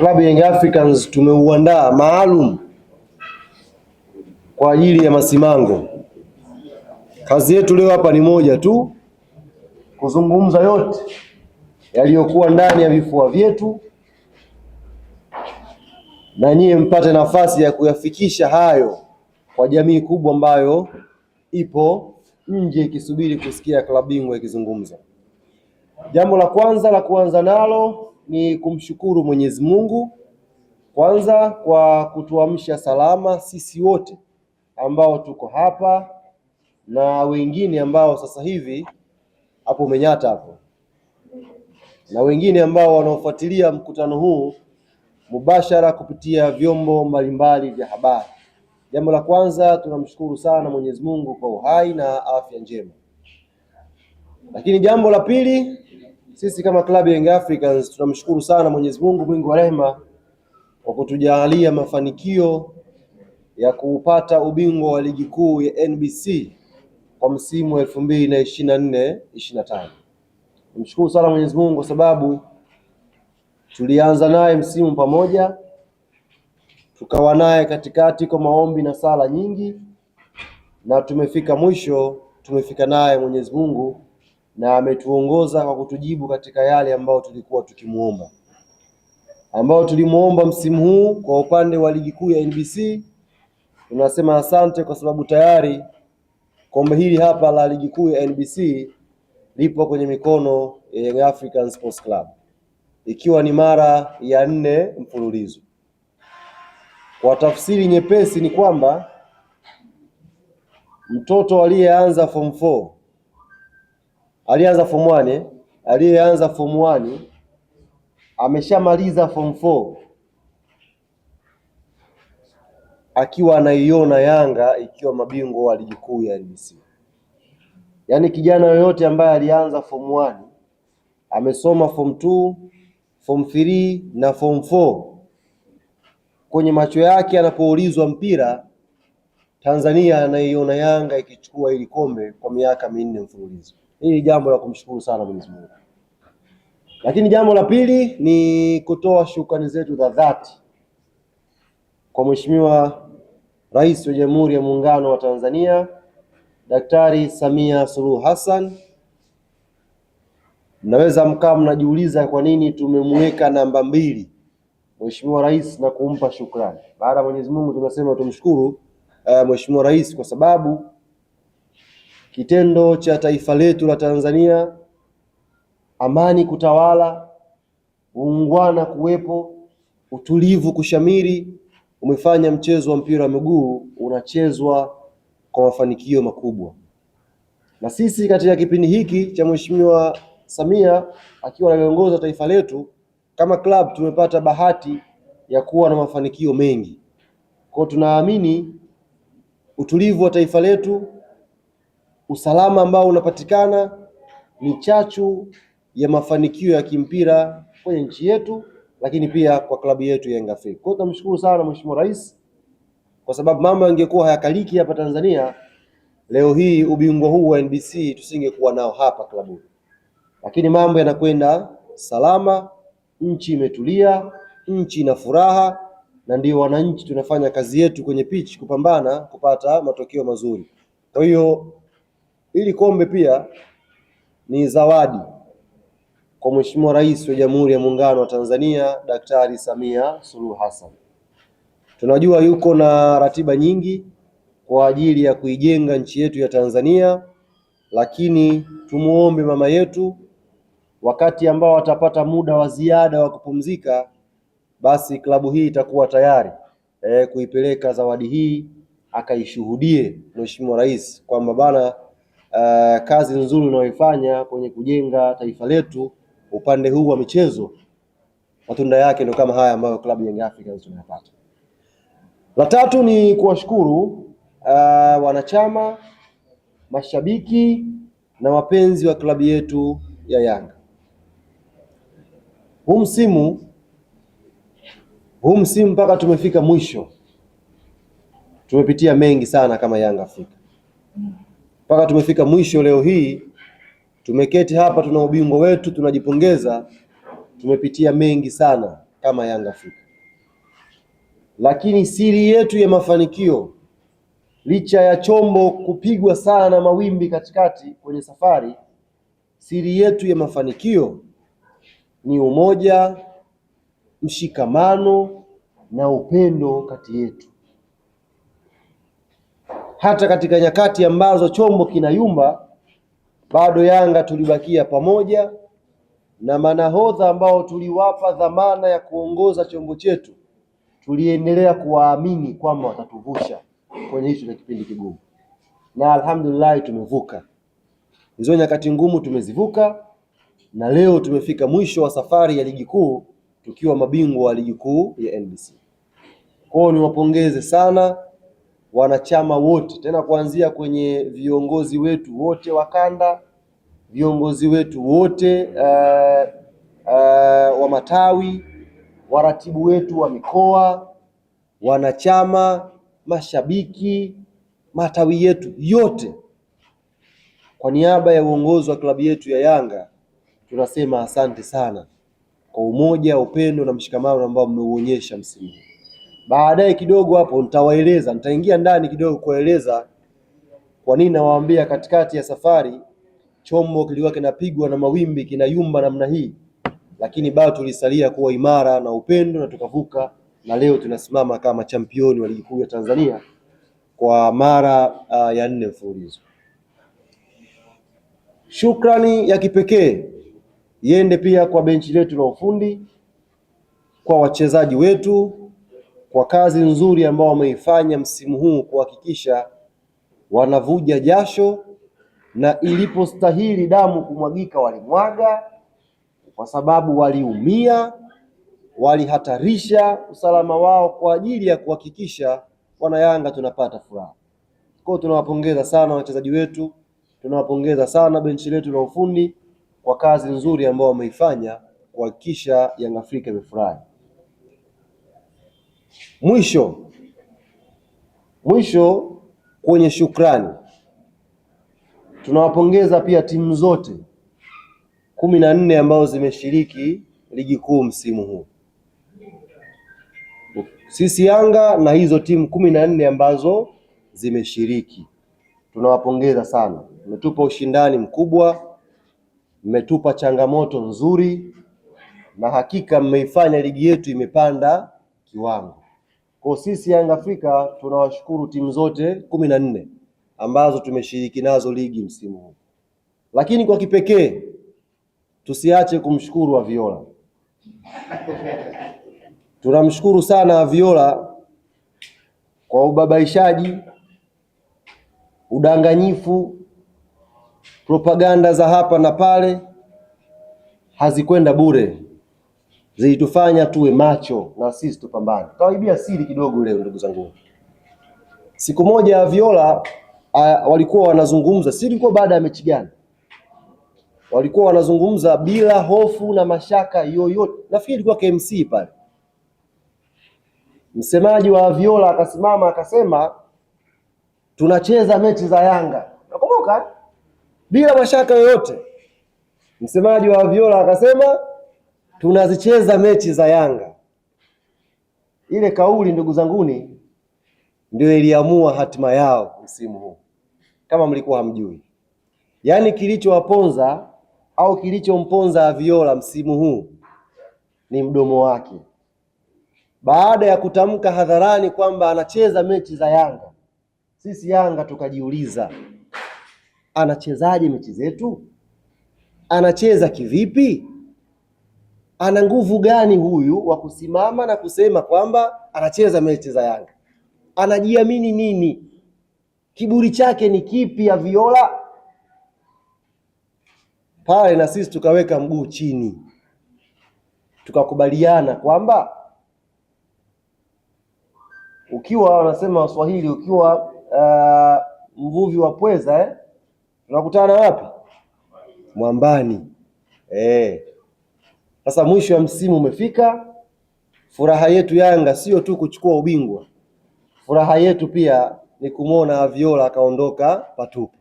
klabu ya Young Africans tumeuandaa maalum kwa ajili ya masimango. Kazi yetu leo hapa ni moja tu, kuzungumza yote yaliyokuwa ndani ya vifua vyetu, na nyie mpate nafasi ya kuyafikisha hayo kwa jamii kubwa ambayo ipo nje ikisubiri kusikia klabu bingwa ikizungumza. Jambo la kwanza la kuanza nalo ni kumshukuru Mwenyezi Mungu kwanza kwa kutuamsha salama sisi wote ambao tuko hapa na wengine ambao sasa hivi hapo umenyata hapo, na wengine ambao wanaofuatilia mkutano huu mubashara kupitia vyombo mbalimbali vya habari. Jambo la kwanza tunamshukuru sana Mwenyezi Mungu kwa uhai na afya njema, lakini jambo la pili sisi kama club ya Young Africans tunamshukuru sana Mwenyezi Mungu mwingi wa rehema kwa kutujalia mafanikio ya kuupata ubingwa wa ligi kuu ya NBC kwa msimu wa elfu mbili na ishirini na nne ishirini na tano. Nimshukuru sana Mwenyezi Mungu kwa sababu tulianza naye msimu pamoja, tukawa naye katikati kwa maombi na sala nyingi, na tumefika mwisho, tumefika naye Mwenyezi Mungu na ametuongoza kwa kutujibu katika yale ambayo tulikuwa tukimwomba, ambayo tulimwomba msimu huu kwa upande wa ligi kuu ya NBC. Tunasema asante kwa sababu tayari kombe hili hapa la ligi kuu ya NBC lipo kwenye mikono ya Young African Sports Club ikiwa ni mara ya nne mfululizo. Kwa tafsiri nyepesi ni kwamba mtoto aliyeanza form 4 alianza form 1, eh? aliyeanza form 1 ameshamaliza form 4 akiwa anaiona Yanga ikiwa mabingwa wa ligi kuu ya NBC. Yaani kijana yoyote ambaye alianza form 1 amesoma form 2, form 3 na form 4, kwenye macho yake anapoulizwa mpira Tanzania anaiona Yanga ikichukua hili kombe kwa miaka minne mfululizo. Hili jambo la kumshukuru sana Mwenyezi Mungu. Lakini jambo la pili ni kutoa shukrani zetu za dhati kwa Mheshimiwa Rais wa Jamhuri ya Muungano wa Tanzania Daktari Samia Suluhu Hassan. Mnaweza mkaa mnajiuliza kwa nini tumemweka namba mbili Mheshimiwa Rais na kumpa shukrani. Baada ya Mwenyezi Mungu tunasema tumshukuru uh, Mheshimiwa Rais kwa sababu kitendo cha taifa letu la Tanzania, amani kutawala, uungwana kuwepo, utulivu kushamiri, umefanya mchezo wa mpira wa miguu unachezwa kwa mafanikio makubwa. Na sisi katika kipindi hiki cha Mheshimiwa Samia akiwa analiongoza taifa letu, kama club tumepata bahati ya kuwa na mafanikio mengi. Kwa tunaamini utulivu wa taifa letu usalama ambao unapatikana ni chachu ya mafanikio ya kimpira kwenye nchi yetu, lakini pia kwa klabu yetu Yanga Afrika. Kwa hiyo tunamshukuru sana Mheshimiwa Rais kwa sababu mambo yangekuwa hayakaliki hapa Tanzania leo hii ubingwa huu wa NBC tusingekuwa nao hapa klabu lakini mambo yanakwenda salama, nchi imetulia, nchi ina furaha, na ndio wananchi tunafanya kazi yetu kwenye pitch kupambana kupata matokeo mazuri. Kwa hiyo Hili kombe pia ni zawadi kwa Mheshimiwa Rais wa Jamhuri ya Muungano wa Tanzania Daktari Samia Suluhu Hassan. Tunajua yuko na ratiba nyingi kwa ajili ya kuijenga nchi yetu ya Tanzania, lakini tumuombe mama yetu, wakati ambao atapata muda wa ziada wa kupumzika, basi klabu hii itakuwa tayari eh, kuipeleka zawadi hii akaishuhudie Mheshimiwa Rais kwamba bana uh, kazi nzuri unayoifanya kwenye kujenga taifa letu upande huu wa michezo, matunda yake ndio kama haya ambayo klabu Young Africans tunayapata. La tatu ni kuwashukuru uh, wanachama, mashabiki na wapenzi wa klabu yetu ya Yanga. Huu msimu huu msimu mpaka tumefika mwisho, tumepitia mengi sana kama Yanga Afrika mpaka tumefika mwisho leo hii, tumeketi hapa, tuna ubingwa wetu, tunajipongeza. Tumepitia mengi sana kama Yanga Afrika, lakini siri yetu ya mafanikio licha ya chombo kupigwa sana mawimbi katikati kwenye safari, siri yetu ya mafanikio ni umoja, mshikamano na upendo kati yetu hata katika nyakati ambazo chombo kinayumba, bado Yanga tulibakia pamoja na manahodha ambao tuliwapa dhamana ya kuongoza chombo chetu, tuliendelea kuwaamini kwamba watatuvusha kwenye hicho cha kipindi kigumu, na alhamdulillah tumevuka hizo nyakati ngumu, tumezivuka na leo tumefika mwisho wa safari ya ligi kuu tukiwa mabingwa wa ligi kuu ya NBC. Kwao niwapongeze sana wanachama wote, tena kuanzia kwenye viongozi wetu wote wa kanda, viongozi wetu wote uh, uh, wa matawi, waratibu wetu wa mikoa, wanachama, mashabiki, matawi yetu yote, kwa niaba ya uongozi wa klabu yetu ya Yanga tunasema asante sana kwa umoja, upendo na mshikamano ambao mmeuonyesha msimu huu. Baadaye kidogo hapo nitawaeleza, nitaingia ndani kidogo kuwaeleza kwa nini nawaambia katikati ya safari chombo kilikuwa kinapigwa na mawimbi kinayumba namna hii, lakini bado tulisalia kuwa imara na upendo na tukavuka, na leo tunasimama kama championi wa ligi kuu ya Tanzania kwa mara uh, ya nne mfululizo. Shukrani ya kipekee iende pia kwa benchi letu la ufundi, kwa wachezaji wetu kwa kazi nzuri ambayo wameifanya msimu huu kuhakikisha wanavuja jasho na ilipostahili damu kumwagika walimwaga, kwa sababu waliumia, walihatarisha usalama wao kwa ajili ya kuhakikisha wanayanga tunapata furaha. Kwa tunawapongeza sana wachezaji wetu, tunawapongeza sana benchi letu la ufundi kwa kazi nzuri ambayo wameifanya kuhakikisha Yanga Afrika imefurahi. Mwisho mwisho kwenye shukrani, tunawapongeza pia timu zote kumi na nne ambazo zimeshiriki ligi kuu msimu huu. Sisi Yanga na hizo timu kumi na nne ambazo zimeshiriki tunawapongeza sana, mmetupa ushindani mkubwa, mmetupa changamoto nzuri, na hakika mmeifanya ligi yetu imepanda kiwango. Kwa sisi Yanga Afrika tunawashukuru timu zote kumi na nne ambazo tumeshiriki nazo ligi msimu huu, lakini kwa kipekee tusiache kumshukuru Aviola. Tunamshukuru sana Aviola kwa ubabaishaji, udanganyifu, propaganda za hapa na pale hazikwenda bure zilitufanya tuwe macho na sisi tupambane. Kawaibia siri kidogo leo, ndugu zangu. Siku moja Viola uh, walikuwa wanazungumza, si ilikuwa baada ya mechi gani? Walikuwa wanazungumza bila hofu na mashaka yoyote, nafikiri ilikuwa KMC pale. Msemaji wa Viola akasimama akasema, tunacheza mechi za Yanga, nakumbuka bila mashaka yoyote. Msemaji wa Viola akasema tunazicheza mechi za Yanga. Ile kauli ndugu zanguni, ndio iliamua hatima yao msimu huu, kama mlikuwa hamjui. Yaani kilichowaponza au kilichomponza Aviola msimu huu ni mdomo wake, baada ya kutamka hadharani kwamba anacheza mechi za Yanga. Sisi Yanga tukajiuliza anachezaje mechi zetu? Anacheza kivipi? ana nguvu gani huyu wa kusimama na kusema kwamba anacheza mechi za Yanga? Anajiamini nini? Kiburi chake ni kipi? ya viola pale, na sisi tukaweka mguu chini, tukakubaliana kwamba ukiwa wanasema Waswahili, ukiwa uh, mvuvi wa pweza eh, tunakutana wapi? Mwambani eh. Sasa mwisho wa msimu umefika. Furaha yetu Yanga sio tu kuchukua ubingwa, furaha yetu pia ni kumwona Aviola akaondoka patupu.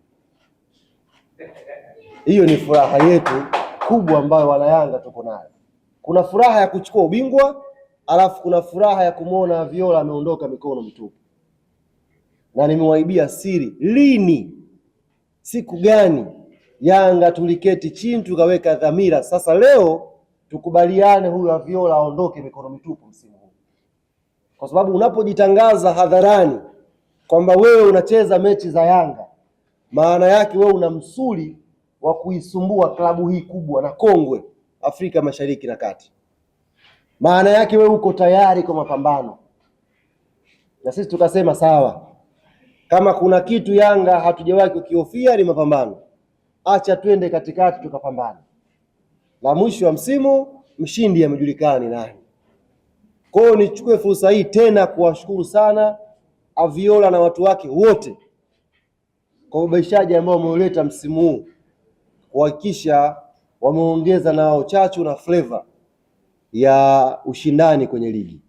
Hiyo ni furaha yetu kubwa ambayo wanayanga tuko nayo. Kuna furaha ya kuchukua ubingwa, alafu kuna furaha ya kumwona Aviola ameondoka mikono mitupu. Na nimewaibia siri, lini, siku gani Yanga tuliketi chini tukaweka dhamira? Sasa leo tukubaliane huyu Aviola aondoke mikono mitupu msimu huu, kwa sababu unapojitangaza hadharani kwamba wewe unacheza mechi za Yanga, maana yake wewe una msuli wa kuisumbua klabu hii kubwa na kongwe Afrika Mashariki na Kati. Maana yake wewe uko tayari kwa mapambano, na sisi tukasema sawa, kama kuna kitu Yanga hatujawahi kukihofia ni mapambano, acha twende katikati tukapambana la mwisho wa msimu, mshindi amejulikana ni nani. Kwa hiyo nichukue fursa hii tena kuwashukuru sana Aviola na watu wake wote kwa ubaishaji ambao wameuleta msimu huu, kuhakikisha wameongeza nao chachu na flavor ya ushindani kwenye ligi.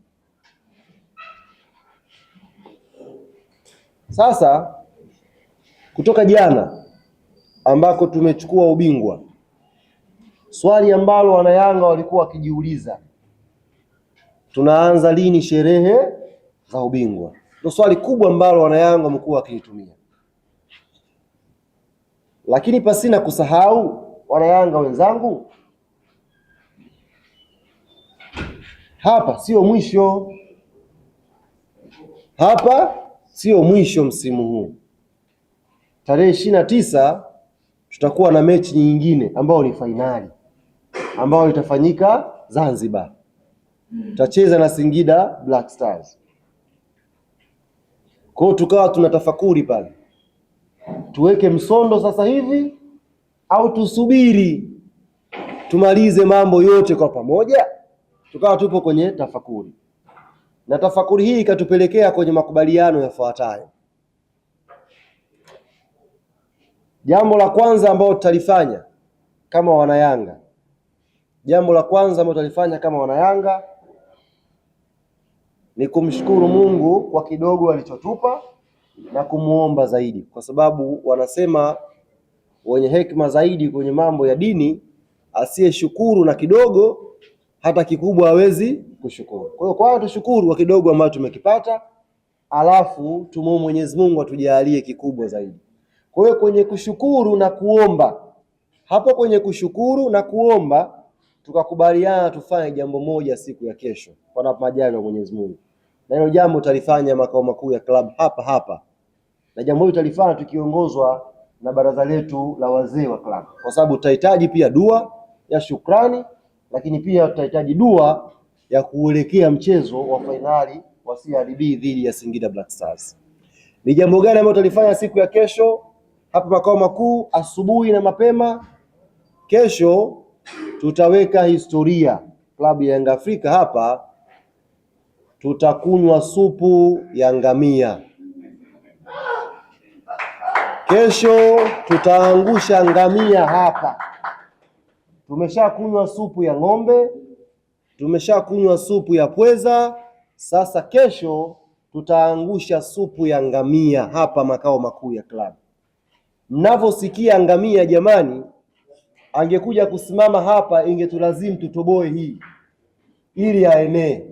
Sasa kutoka jana ambako tumechukua ubingwa Swali ambalo wanayanga walikuwa wakijiuliza, tunaanza lini sherehe za ubingwa? Ndio swali kubwa ambalo wanayanga wamekuwa wakilitumia, lakini pasina kusahau wanayanga wenzangu, hapa sio mwisho, hapa sio mwisho. Msimu huu tarehe ishirini na tisa tutakuwa na mechi nyingine ambayo ni fainali ambayo itafanyika Zanzibar. Tutacheza na Singida Black Stars. Kwa hiyo tukawa tunatafakuri pale, tuweke msondo sasa hivi au tusubiri tumalize mambo yote kwa pamoja? Tukawa tupo kwenye tafakuri, na tafakuri hii ikatupelekea kwenye makubaliano yafuatayo. Jambo la kwanza ambalo tutalifanya kama wanayanga Jambo la kwanza ambalo tulifanya kama wanayanga ni kumshukuru Mungu kwa kidogo alichotupa na kumuomba zaidi, kwa sababu wanasema wenye hekima zaidi kwenye mambo ya dini, asiyeshukuru na kidogo hata kikubwa hawezi kushukuru. Kwa hiyo kwanza tushukuru kwa kidogo ambacho tumekipata, alafu tumuombe Mwenyezi Mungu atujalie kikubwa zaidi. Kwa hiyo kwenye kushukuru na kuomba, hapo kwenye kushukuru na kuomba tukakubaliana tufanye jambo moja siku ya kesho, panapo majaliwa ya Mwenyezi Mungu, na hilo jambo utalifanya makao makuu ya klabu hapa hapa, na jambo hilo utalifanya tukiongozwa na baraza letu la wazee wa klabu, kwa sababu tutahitaji pia dua ya shukrani, lakini pia tutahitaji dua ya kuelekea mchezo wa fainali wa CRB dhidi ya Singida Black Stars. Ni jambo gani ambalo tutalifanya siku ya kesho hapa makao makuu asubuhi na mapema kesho tutaweka historia. Klabu ya Yanga Afrika hapa tutakunywa supu ya ngamia. Kesho tutaangusha ngamia hapa. Tumeshakunywa supu ya ng'ombe, tumeshakunywa supu ya pweza. Sasa kesho tutaangusha supu ya ngamia hapa makao makuu ya klabu. Mnavyosikia ngamia, jamani angekuja kusimama hapa, ingetulazimu tutoboe hii ili aenee.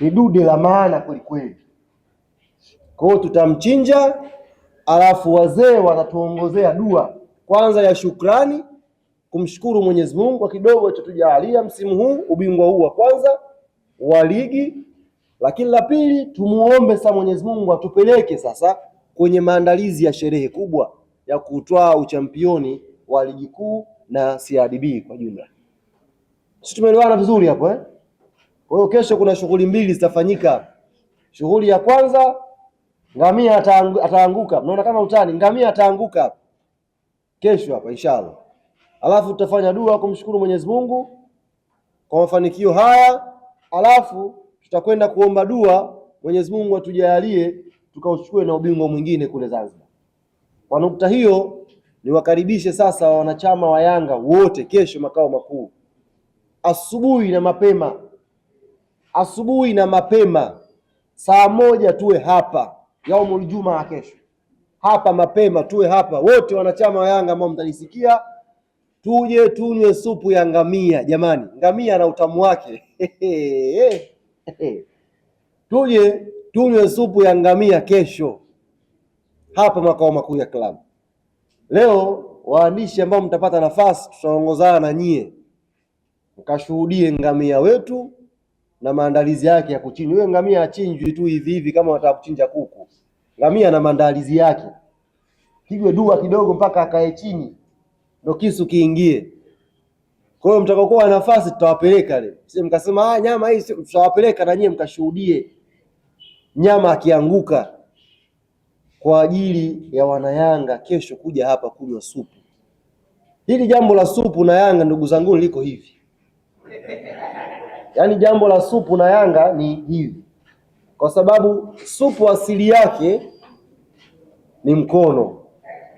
Ni dude la maana kwelikweli. Kwa hiyo tutamchinja, alafu wazee watatuongozea dua kwanza ya shukrani, kumshukuru Mwenyezi Mungu kwa kidogo alichotujaalia msimu huu, ubingwa huu wa kwanza wa ligi. Lakini la pili, tumuombe sasa Mwenyezi Mungu atupeleke sasa kwenye maandalizi ya sherehe kubwa ya kutwaa uchampioni wa ligi kuu na CRDB kwa jumla. Sisi tumeelewana vizuri hapo eh? Kwa hiyo kesho kuna shughuli mbili zitafanyika. Shughuli ya kwanza, ngamia ataanguka. Mnaona kama utani, ngamia ataanguka kesho hapa inshallah. Alafu tutafanya dua kumshukuru Mwenyezi Mungu kwa mafanikio haya, alafu tutakwenda kuomba dua Mwenyezi Mungu atujalie tukauchukue na ubingwa mwingine kule Zanzibar. Kwa nukta hiyo, niwakaribishe sasa wanachama wa Yanga wote kesho makao makuu asubuhi na mapema, asubuhi na mapema, saa moja tuwe hapa yaumul jumaa kesho, hapa mapema tuwe hapa wote wanachama wa Yanga ambao mtanisikia, tuje tunywe supu ya ngamia. Jamani, ngamia na utamu wake tuje tunywe supu ya ngamia kesho hapa makao makuu ya klabu. Leo waandishi ambao mtapata nafasi, tutaongozana na nyie mkashuhudie ngamia wetu na maandalizi yake ya kuchinjwa. Huyo ngamia achinjwi tu hivi hivi kama wataka kuchinja kuku. Ngamia na maandalizi yake, pigwe dua kidogo mpaka akae chini ndo kisu kiingie. Kwa hiyo mtakokuwa na nafasi, tutawapeleka leo, si mkasema ah, nyama hii, tutawapeleka na nyie mkashuhudie nyama akianguka kwa ajili ya wanayanga kesho kuja hapa kunywa supu. Hili jambo la supu na Yanga, ndugu zangu, liko hivi, yaani jambo la supu na Yanga ni hivi, kwa sababu supu asili yake ni mkono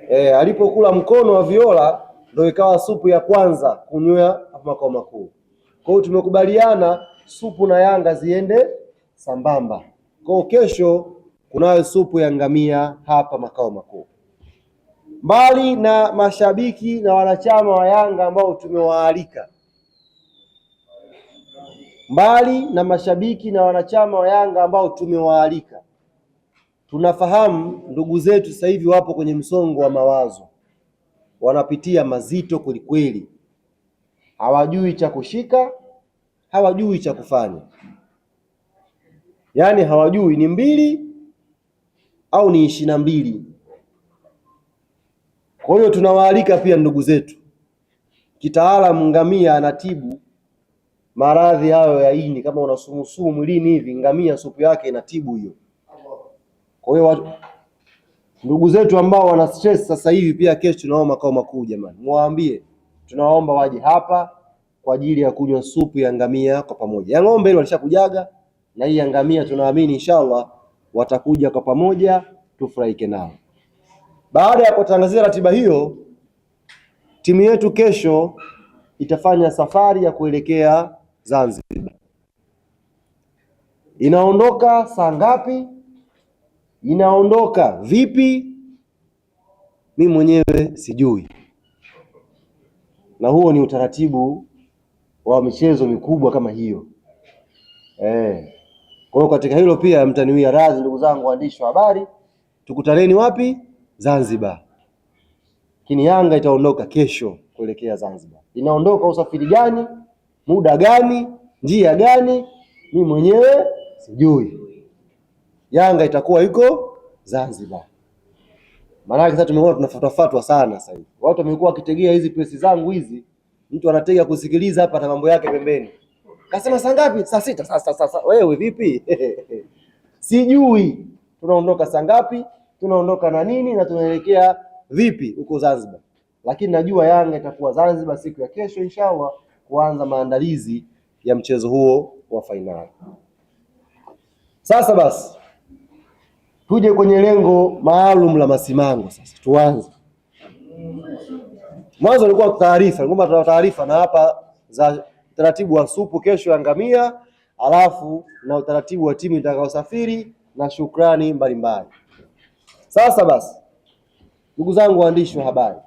e, alipokula mkono wa Viola ndio ikawa supu ya kwanza kunywa makao makuu. Kwa hiyo tumekubaliana supu na Yanga ziende sambamba. Kwa hiyo kesho unayo supu ya ngamia hapa makao makuu. Mbali na mashabiki na wanachama wa Yanga ambao tumewaalika, mbali na mashabiki na wanachama wa Yanga ambao tumewaalika, tunafahamu ndugu zetu sasa hivi wapo kwenye msongo wa mawazo, wanapitia mazito kwelikweli, hawajui cha kushika, hawajui cha kufanya, yaani hawajui ni mbili au ni ishirini na mbili. Kwa hiyo tunawaalika pia ndugu zetu, kitaalamu ngamia anatibu maradhi hayo ya ini. Kama una sumusumu mwilini hivi, ngamia supu yake inatibu hiyo. Kwa hiyo ndugu zetu ambao wana stress sasa hivi, pia kesho tunao makao makuu, jamani, mwaambie tunaomba waje hapa kwa ajili ya kunywa supu ya ngamia kwa pamoja. Ya ng'ombe ile walishakujaga na hii ya ngamia, tunaamini inshallah watakuja kwa pamoja tufurahike nao. Baada ya kutangazia ratiba hiyo, timu yetu kesho itafanya safari ya kuelekea Zanzibar. Inaondoka saa ngapi? Inaondoka vipi? Mimi mwenyewe sijui, na huo ni utaratibu wa michezo mikubwa kama hiyo eh. Kwa hiyo katika hilo pia mtaniwia radhi, ndugu zangu waandishi wa habari. Tukutaneni wapi? Zanzibar. Lakini Yanga itaondoka kesho kuelekea Zanzibar. Inaondoka usafiri gani, muda gani, njia gani, mi mwenyewe sijui. Yanga itakuwa iko Zanzibar. Maanake sasa tumekuwa tunafuatafuatwa sana sasa hivi, watu wamekuwa wakitegea hizi presi zangu hizi, mtu anatega kusikiliza hapa na mambo yake pembeni. Kasema saa ngapi? Saa sita. Sasa sasa wewe vipi? Sijui tunaondoka saa ngapi, tunaondoka na nini na tunaelekea vipi huko Zanzibar, lakini najua Yanga itakuwa Zanzibar siku ya kesho inshallah kuanza maandalizi ya mchezo huo wa fainali. Sasa basi tuje kwenye lengo maalum la Masimango. Sasa tuanze mwanzo, alikuwa taarifa, taarifa na hapa za utaratibu wa supu kesho ya ngamia, alafu na utaratibu wa timu itakayosafiri na shukrani mbalimbali. Sasa basi, ndugu zangu waandishi wa habari